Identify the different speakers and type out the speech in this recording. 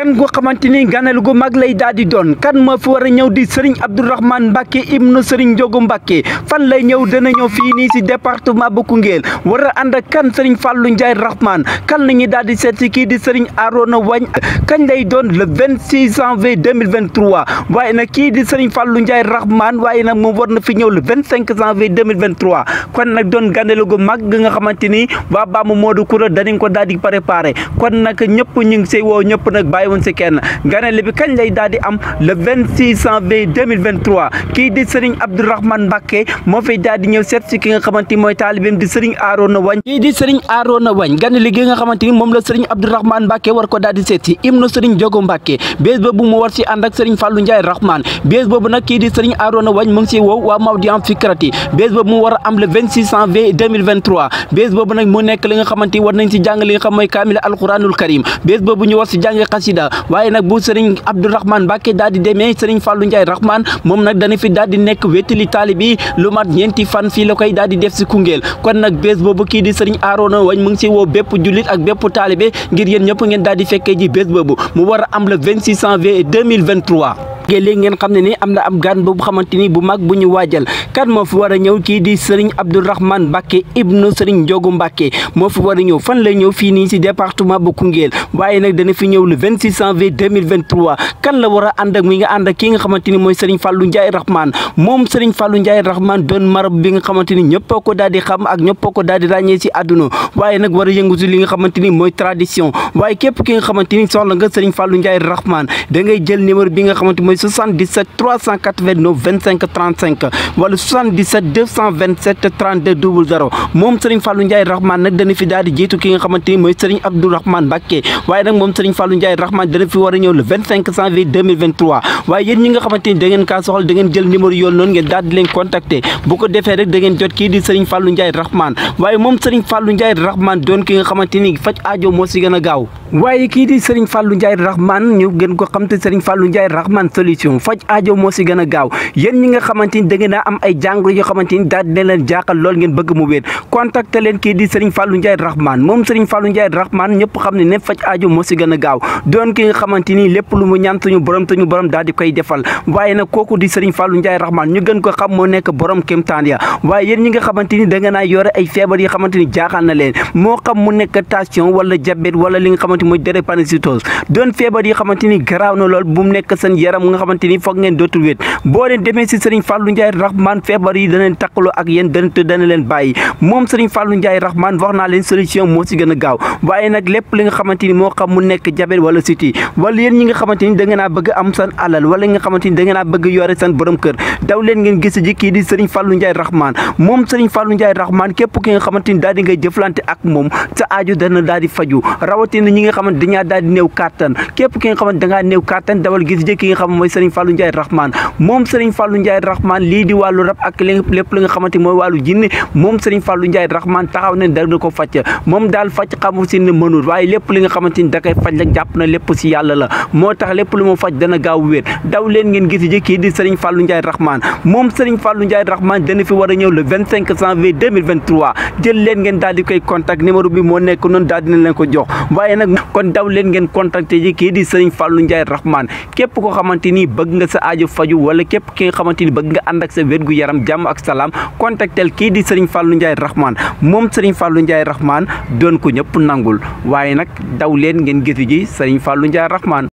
Speaker 1: kan gu xamante ni ganal gu mag lay daal di doon kan ma fu war a ñëw di Serigne Abdourahmane Mbacke ibnu Serigne njogu Mbacke fan lay ñëw dana ñëw fii nii si département bu Koungheul war a ànd ak kan Serigne Fallou Ndiaye Rahmane kan la ñuy daal di seet si kii di Serigne Arona kañ lay doon le 26 janvier 2023 waaye nag kii di Serigne Fallou Ndiaye Rahman waaye nag moom war na fi ñëw le 25 janvier 2023 kon nag doon gàndale gu mag nga xamante ni waa Bamba Modou Coura danañ ko daal di préparé kon nag ñëpp ñu ngi si woo ñëpp nag bàyyiwoon si kenn gàndale bi kañ lay daal di am le 26 janvier 2023 kii di Serigne Abdourahmane Mbacké moo fay daal di ñëw seet si ki nga xamante ni mooy taalibeem di Serigne Arona Wagne kii di Serigne Arona Wagne gàndale gi nga ni moom la Serigne ko daal na sëriñ Jogo Mbàkke bés boobu mu war si ànd ak sëriñ Njaay Rahman bés boobu nag kii di sëriñ Aroona Wañ mu si woow waa Mawdiyan a am taalibe ngir yéen ñëpp ngeen daal di fekkee boobu Mouwar Amble 2600V et 2023 Mbàkke léegi ngeen xam ne ni am na am gan ni bu mag bu ñu waajal kan moo fi war a ñëw kii di Serigne Abdourahmane Mbàkke ibnu Serigne Ndiogu Mbàkke moo fi war a ñëw fan lay ñëw fii nii si département bu Koungheul waaye nag dana fi ñëw le 26 janvier 2023 kan la war a ànd ak mi nga ànd nga xamante ni mooy Serigne Fallou Ndiaye Rahmane moom Serigne Fallou Ndiaye ko daal di di ràññee si àdduna waaye nag war a yëngu si li nga xamante ni mooy tradition waaye ni soxla nga Serigne Fallou Ndiaye Rahmane da ngay jël numéro bi nga xamante mooy 77 389 25 35 moom Serigne Fallou Ndiaye Rahman nag dana fi jiitu ki nga xamante ni mooy Serigne Abdou waaye nag moom Serigne Fallou Ndiaye Rahman dana fi war waaye yéen ñi nga xamante ni da ngeen kaa soxla da ngeen jël numéro yoon noonu ngeen daal di leen di Serigne Fallou Ndiaye Rahman waaye moom Serigne Fallou Ndiaye Rahman doon ki nga xamante faj aajo moo si gën gaaw waaye kii di Serigne Fallou Ndiaye Rahman ñu solution faj aajo moo si gën a gaaw yéen ñi nga xamante ni da ngeen a am ay jàngoro yoo xamante ni daal dina leen jaaxal lool ngeen bëgg mu wéet a a ay feebar yoo xamante jaaxal na leen moo xam mu nekk tension wala diabète wala li nga xamante ni mooy drépanocytose doon feebar yoo xamante garaaw na lool bu mu nekk seen yaram nga xamante ni foog ngeen dootul wéet boo leen demee si Serigne Fallou Ndiaye Rahman feebar yi danañ takkaloo ak yéen dana leen bàyyi moom Serigne Fallou Ndiaye Rahman wax naa leen solution a gaaw waaye nag lépp li nga xamante ni moo xam mu nekk jabet wala siti wala yéen ñi nga xamante ni da ngeen a bëgg am seen alal wala nga xamante ni da ngeen a bëgg yore seen borom kër daw leen ngeen gis ji kii nga xamante ak moom sa aaju dana daal di faju rawatina mooy Serigne Fallou Ndiaye Rahman moom Serigne Fallou Ndiaye Rahman lii di wàllu rab ak lépp li nga xamante mooy wàllu jinne moom Serigne Fallou Ndiaye Rahman taxaw ne dana ko faj moom daal faj xamu ne mënul waaye lépp nga xamante ni da koy faj la jàpp na lépp si yàlla la moo tax lépp lu mu faj dana gaaw wér daw leen ngeen gis jëkkii di Serigne Fallou Ndiaye Rahman moom Serigne Fallou Ndiaye Rahman a daal di koy contact ko jox waaye nag kon daw leen ngeen contacté ji kii di Serigne Fallou Ndiaye Rahman képp ko xamante xamante ni bëgg nga sa ajo faju wala képp ki nga xamante ni bëgg nga ànd ak sa wérgu yaram jàmm ak salaam contactel kii di Serigne Fallou Ndiaye Rahman moom Serigne Fallou Ndiaye Rahman doon ko ñëpp nangul waaye nag daw leen ngeen gëstu ji Serigne Fallou Ndiaye Rahman